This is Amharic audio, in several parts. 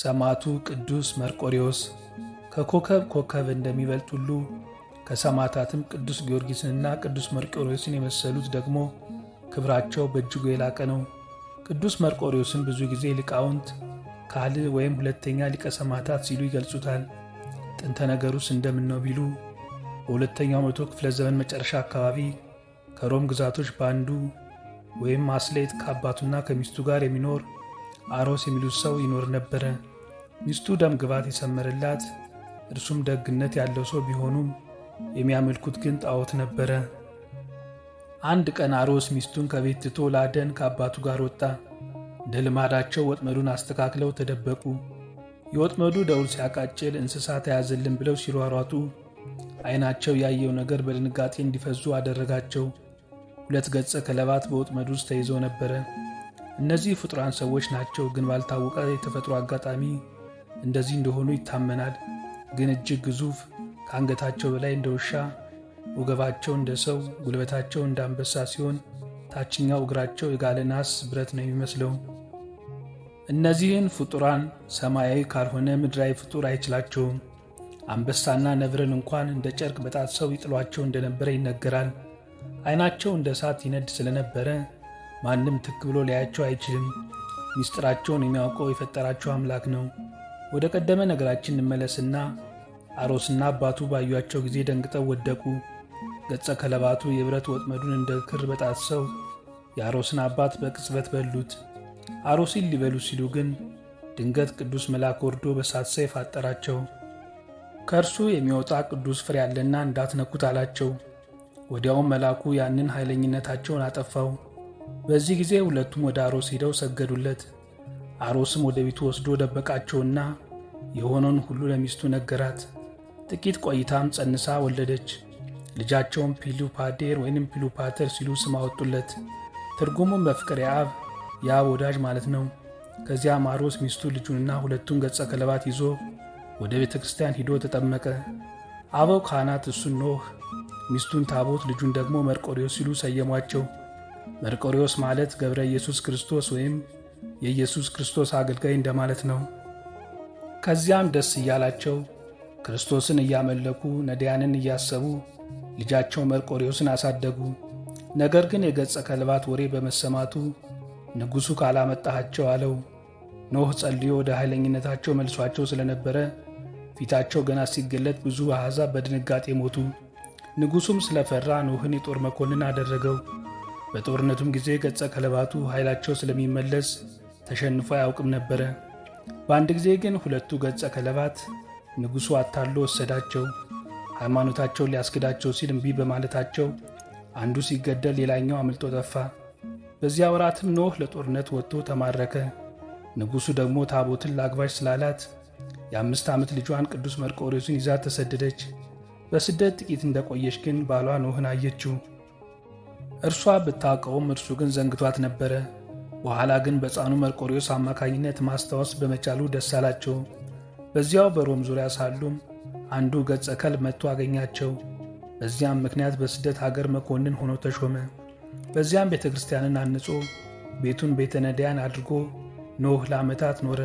ሰማዕቱ ቅዱስ መርቆሪዎስ ከኮከብ ኮከብ እንደሚበልጥ ሁሉ ከሰማዕታትም ቅዱስ ጊዮርጊስንና ቅዱስ መርቆሪዎስን የመሰሉት ደግሞ ክብራቸው በእጅጉ የላቀ ነው። ቅዱስ መርቆሪዎስን ብዙ ጊዜ ሊቃውንት ካልዕ ወይም ሁለተኛ ሊቀ ሰማዕታት ሲሉ ይገልጹታል። ጥንተ ነገሩስ እንደምን ነው ቢሉ በሁለተኛው መቶ ክፍለ ዘመን መጨረሻ አካባቢ ከሮም ግዛቶች በአንዱ ወይም አስሌት ከአባቱና ከሚስቱ ጋር የሚኖር አሮስ የሚሉት ሰው ይኖር ነበረ። ሚስቱ ደም ግባት የሰመረላት እርሱም ደግነት ያለው ሰው ቢሆኑም የሚያመልኩት ግን ጣዖት ነበረ። አንድ ቀን አሮስ ሚስቱን ከቤት ትቶ ላደን ከአባቱ ጋር ወጣ። እንደ ልማዳቸው ወጥመዱን አስተካክለው ተደበቁ። የወጥመዱ ደውል ሲያቃጭል እንስሳ ተያዘልን ብለው ሲሯሯጡ ዓይናቸው ያየው ነገር በድንጋጤ እንዲፈዙ አደረጋቸው። ሁለት ገጸ ከለባት በወጥመዱ ውስጥ ተይዘው ነበረ። እነዚህ ፍጡራን ሰዎች ናቸው፣ ግን ባልታወቀ የተፈጥሮ አጋጣሚ እንደዚህ እንደሆኑ ይታመናል። ግን እጅግ ግዙፍ ከአንገታቸው በላይ እንደ ውሻ፣ ወገባቸው እንደ ሰው፣ ጉልበታቸው እንደ አንበሳ ሲሆን ታችኛው እግራቸው የጋለ ናስ ብረት ነው የሚመስለው። እነዚህን ፍጡራን ሰማያዊ ካልሆነ ምድራዊ ፍጡር አይችላቸውም። አንበሳና ነብርን እንኳን እንደ ጨርቅ በጣት ሰው ይጥሏቸው እንደነበረ ይነገራል። ዓይናቸው እንደ እሳት ይነድ ስለነበረ ማንም ትክ ብሎ ሊያያቸው አይችልም። ምስጢራቸውን የሚያውቀው የፈጠራቸው አምላክ ነው። ወደ ቀደመ ነገራችን እንመለስና አሮስና አባቱ ባዩቸው ጊዜ ደንግጠው ወደቁ። ገጸ ከለባቱ የብረት ወጥመዱን እንደ ክር በጣሰው የአሮስን አባት በቅጽበት በሉት። አሮሲን ሊበሉ ሲሉ ግን ድንገት ቅዱስ መልአክ ወርዶ በሳት ሰይፍ አጠራቸው። ከእርሱ የሚወጣ ቅዱስ ፍሬ ያለና እንዳትነኩት አላቸው። ወዲያውም መልአኩ ያንን ኃይለኝነታቸውን አጠፋው። በዚህ ጊዜ ሁለቱም ወደ አሮስ ሄደው ሰገዱለት። አሮስም ወደ ቤቱ ወስዶ ደበቃቸውና የሆነውን ሁሉ ለሚስቱ ነገራት። ጥቂት ቆይታም ጸንሳ ወለደች። ልጃቸውን ፒሉፓዴር ወይንም ፒሉፓተር ሲሉ ስም አወጡለት። ትርጉሙም በፍቅር የአብ የአብ ወዳጅ ማለት ነው። ከዚያም አሮስ ሚስቱ ልጁንና ሁለቱን ገጸ ከለባት ይዞ ወደ ቤተ ክርስቲያን ሂዶ ተጠመቀ። አበው ካህናት እሱን ኖህ፣ ሚስቱን ታቦት፣ ልጁን ደግሞ መርቆሬዎስ ሲሉ ሰየሟቸው። መርቆሪዎስ ማለት ገብረ ኢየሱስ ክርስቶስ ወይም የኢየሱስ ክርስቶስ አገልጋይ እንደማለት ነው። ከዚያም ደስ እያላቸው ክርስቶስን እያመለኩ ነዳያንን እያሰቡ ልጃቸው መርቆሪዎስን አሳደጉ። ነገር ግን የገጸ ከልባት ወሬ በመሰማቱ ንጉሡ ካላመጣሃቸው አለው። ኖህ ጸልዮ ወደ ኃይለኝነታቸው መልሷቸው ስለነበረ ፊታቸው ገና ሲገለጥ ብዙ አሕዛብ በድንጋጤ ሞቱ። ንጉሡም ስለፈራ ኖህን የጦር መኮንን አደረገው። በጦርነቱም ጊዜ ገጸ ከለባቱ ኃይላቸው ስለሚመለስ ተሸንፎ አያውቅም ነበረ። በአንድ ጊዜ ግን ሁለቱ ገጸ ከለባት ንጉሡ አታሎ ወሰዳቸው። ሃይማኖታቸውን ሊያስክዳቸው ሲል እምቢ በማለታቸው አንዱ ሲገደል፣ ሌላኛው አምልጦ ጠፋ። በዚያ ወራትም ኖህ ለጦርነት ወጥቶ ተማረከ። ንጉሡ ደግሞ ታቦትን ለአግባሽ ስላላት የአምስት ዓመት ልጇን ቅዱስ መርቆሬዎስን ይዛ ተሰደደች። በስደት ጥቂት እንደቆየች ግን ባሏ ኖህን አየችው። እርሷ ብታውቀውም እርሱ ግን ዘንግቷት ነበረ። በኋላ ግን በሕፃኑ መርቆሪዎስ አማካኝነት ማስታወስ በመቻሉ ደስ አላቸው። በዚያው በሮም ዙሪያ ሳሉም አንዱ ገጸ ከልብ መጥቶ አገኛቸው። በዚያም ምክንያት በስደት ሀገር መኮንን ሆኖ ተሾመ። በዚያም ቤተ ክርስቲያንን አንጾ ቤቱን ቤተ ነዳያን አድርጎ ኖህ ለዓመታት ኖረ።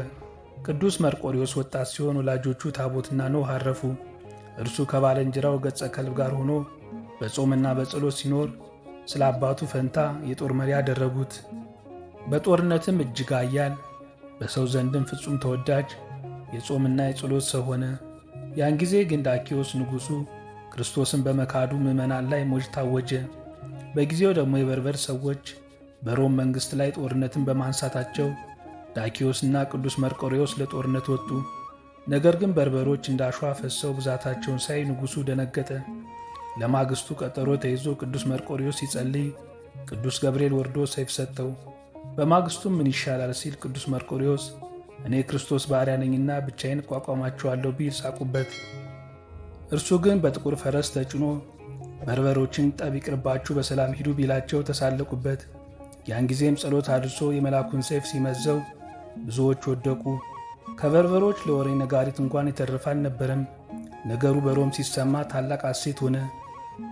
ቅዱስ መርቆሪዎስ ወጣት ሲሆን ወላጆቹ ታቦትና ኖህ አረፉ። እርሱ ከባልንጀራው ገጸ ከልብ ጋር ሆኖ በጾምና በጸሎት ሲኖር ስለ አባቱ ፈንታ የጦር መሪ አደረጉት! በጦርነትም እጅግ አያል በሰው ዘንድም ፍጹም ተወዳጅ የጾምና የጸሎት ሰው ሆነ። ያን ጊዜ ግን ዳኪዎስ ንጉሡ ክርስቶስን በመካዱ ምዕመናን ላይ ሞጅ ታወጀ። በጊዜው ደግሞ የበርበር ሰዎች በሮም መንግሥት ላይ ጦርነትን በማንሳታቸው ዳኪዎስና ቅዱስ መርቆሬዎስ ለጦርነት ወጡ። ነገር ግን በርበሮች አሸዋ ፈሰው ብዛታቸውን ሳይ ንጉሡ ደነገጠ። ለማግስቱ ቀጠሮ ተይዞ ቅዱስ መርቆሪዎስ ሲጸልይ ቅዱስ ገብርኤል ወርዶ ሰይፍ ሰጠው። በማግስቱም ምን ይሻላል ሲል ቅዱስ መርቆሪዎስ እኔ ክርስቶስ ባሪያ ነኝና ብቻዬን እቋቋማችኋለሁ ቢል ሳቁበት። እርሱ ግን በጥቁር ፈረስ ተጭኖ በርበሮችን ጠብ ይቅርባችሁ፣ በሰላም ሂዱ ቢላቸው ተሳለቁበት። ያን ጊዜም ጸሎት አድርሶ የመልአኩን ሰይፍ ሲመዘው ብዙዎች ወደቁ። ከበርበሮች ለወሬ ነጋሪት እንኳን የተረፈ አልነበረም። ነገሩ በሮም ሲሰማ ታላቅ ሐሴት ሆነ።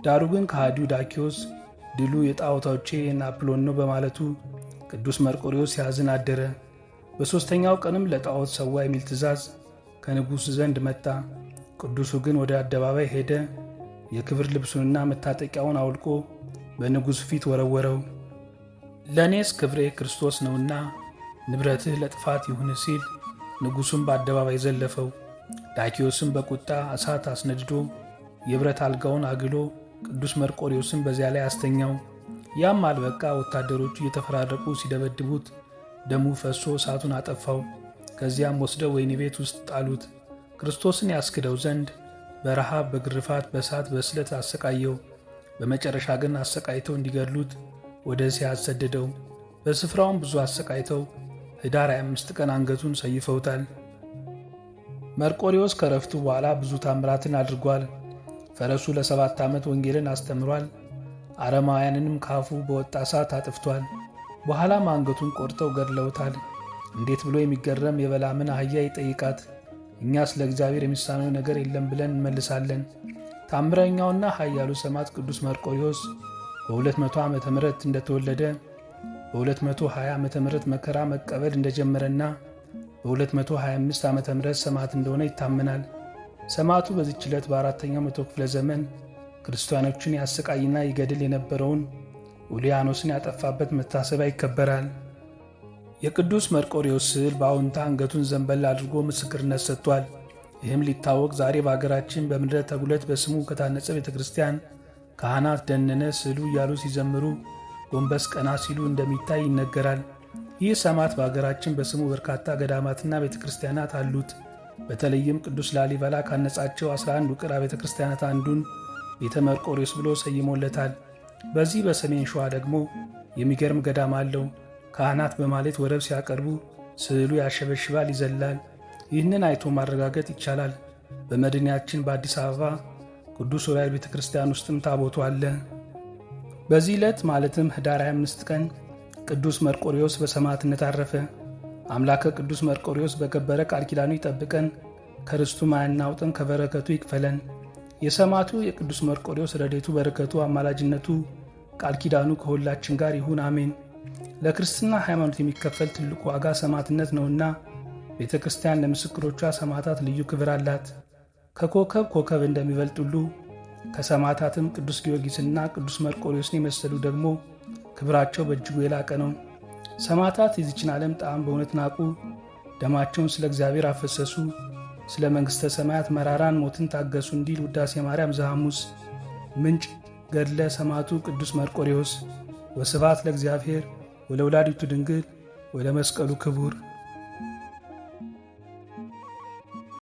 ዳሩ ግን ከሃዲው ዳኪዎስ ድሉ የጣዖታዎቼ የናፕሎን ነው በማለቱ ቅዱስ መርቆሪዎስ ያዝን አደረ። በሦስተኛው ቀንም ለጣዖት ሰዋ የሚል ትእዛዝ ከንጉሥ ዘንድ መጣ። ቅዱሱ ግን ወደ አደባባይ ሄደ። የክብር ልብሱንና መታጠቂያውን አውልቆ በንጉሥ ፊት ወረወረው። ለእኔስ ክብሬ ክርስቶስ ነውና ንብረትህ ለጥፋት ይሁን ሲል ንጉሡም በአደባባይ ዘለፈው። ዳኪዎስም በቁጣ እሳት አስነድዶ የብረት አልጋውን አግሎ ቅዱስ መርቆሪዎስን በዚያ ላይ አስተኛው። ያም አልበቃ ወታደሮቹ እየተፈራረቁ ሲደበድቡት ደሙ ፈሶ እሳቱን አጠፋው። ከዚያም ወስደው ወይኒ ቤት ውስጥ ጣሉት። ክርስቶስን ያስክደው ዘንድ በረሃብ፣ በግርፋት፣ በእሳት፣ በስለት አሰቃየው። በመጨረሻ ግን አሰቃይተው እንዲገድሉት ወደ እስያ አሰደደው። በስፍራውም ብዙ አሰቃይተው ኅዳር 25 ቀን አንገቱን ሰይፈውታል። መርቆሪዎስ ከረፍቱ በኋላ ብዙ ታምራትን አድርጓል። ፈረሱ ለሰባት ዓመት ወንጌልን አስተምሯል። አረማውያንንም ካፉ በወጣ እሳት አጥፍቷል። በኋላም አንገቱን ቆርጠው ገድለውታል። እንዴት ብሎ የሚገረም የበላምን አህያ ይጠይቃት። እኛስ ለእግዚአብሔር የሚሳነው ነገር የለም ብለን እንመልሳለን። ታምረኛውና ኃያሉ ሰማዕት ቅዱስ መርቆሪዎስ በ200 ዓ ም እንደተወለደ በ220 ዓ ም መከራ መቀበል እንደጀመረና በ225 ዓ ም ሰማዕት እንደሆነ ይታመናል። ሰማዕቱ በዚች ዕለት በአራተኛው መቶ ክፍለ ዘመን ክርስቲያኖችን ያሰቃይና ይገድል የነበረውን ኡልያኖስን ያጠፋበት መታሰቢያ ይከበራል። የቅዱስ መርቆሬዎስ ስዕል በአዎንታ አንገቱን ዘንበል አድርጎ ምስክርነት ሰጥቷል። ይህም ሊታወቅ ዛሬ በአገራችን በምድረ ተጉለት በስሙ ከታነጸ ቤተ ክርስቲያን ካህናት ደነነ ስዕሉ እያሉ ሲዘምሩ ጎንበስ ቀና ሲሉ እንደሚታይ ይነገራል። ይህ ሰማዕት በአገራችን በስሙ በርካታ ገዳማትና ቤተ ክርስቲያናት አሉት። በተለይም ቅዱስ ላሊበላ ካነጻቸው 11 ውቅር አብያተ ክርስቲያናት አንዱን ቤተ መርቆሬዎስ ብሎ ሰይሞለታል። በዚህ በሰሜን ሸዋ ደግሞ የሚገርም ገዳም አለው። ካህናት በማለት ወረብ ሲያቀርቡ ስዕሉ ያሸበሽባል፣ ይዘላል። ይህንን አይቶ ማረጋገጥ ይቻላል። በመዲናችን በአዲስ አበባ ቅዱስ ዑራኤል ቤተ ክርስቲያን ውስጥም ታቦቱ አለ። በዚህ ዕለት ማለትም ኅዳር 25 ቀን ቅዱስ መርቆሬዎስ በሰማዕትነት አረፈ። አምላከ ቅዱስ መርቆሪዎስ በከበረ ቃል ኪዳኑ ይጠብቀን፣ ከርስቱ ማያናውጠን፣ ከበረከቱ ይክፈለን። የሰማዕቱ የቅዱስ መርቆሪዎስ ረድኤቱ፣ በረከቱ፣ አማላጅነቱ፣ ቃል ኪዳኑ ከሁላችን ጋር ይሁን፣ አሜን። ለክርስትና ሃይማኖት የሚከፈል ትልቁ ዋጋ ሰማዕትነት ነውና ቤተ ክርስቲያን ለምስክሮቿ ሰማዕታት ልዩ ክብር አላት። ከኮከብ ኮከብ እንደሚበልጥ ሁሉ ከሰማዕታትም ቅዱስ ጊዮርጊስና ቅዱስ መርቆሪዎስን የመሰሉ ደግሞ ክብራቸው በእጅጉ የላቀ ነው። ሰማዕታት የዚችን ዓለም ጣዕም በእውነት ናቁ፣ ደማቸውን ስለ እግዚአብሔር አፈሰሱ፣ ስለ መንግሥተ ሰማያት መራራን ሞትን ታገሱ እንዲል ውዳሴ ማርያም ዘሐሙስ። ምንጭ ገድለ ሰማዕቱ ቅዱስ መርቆሬዎስ። ወስብሐት ለእግዚአብሔር ወለወላዲቱ ድንግል ወለመስቀሉ ክቡር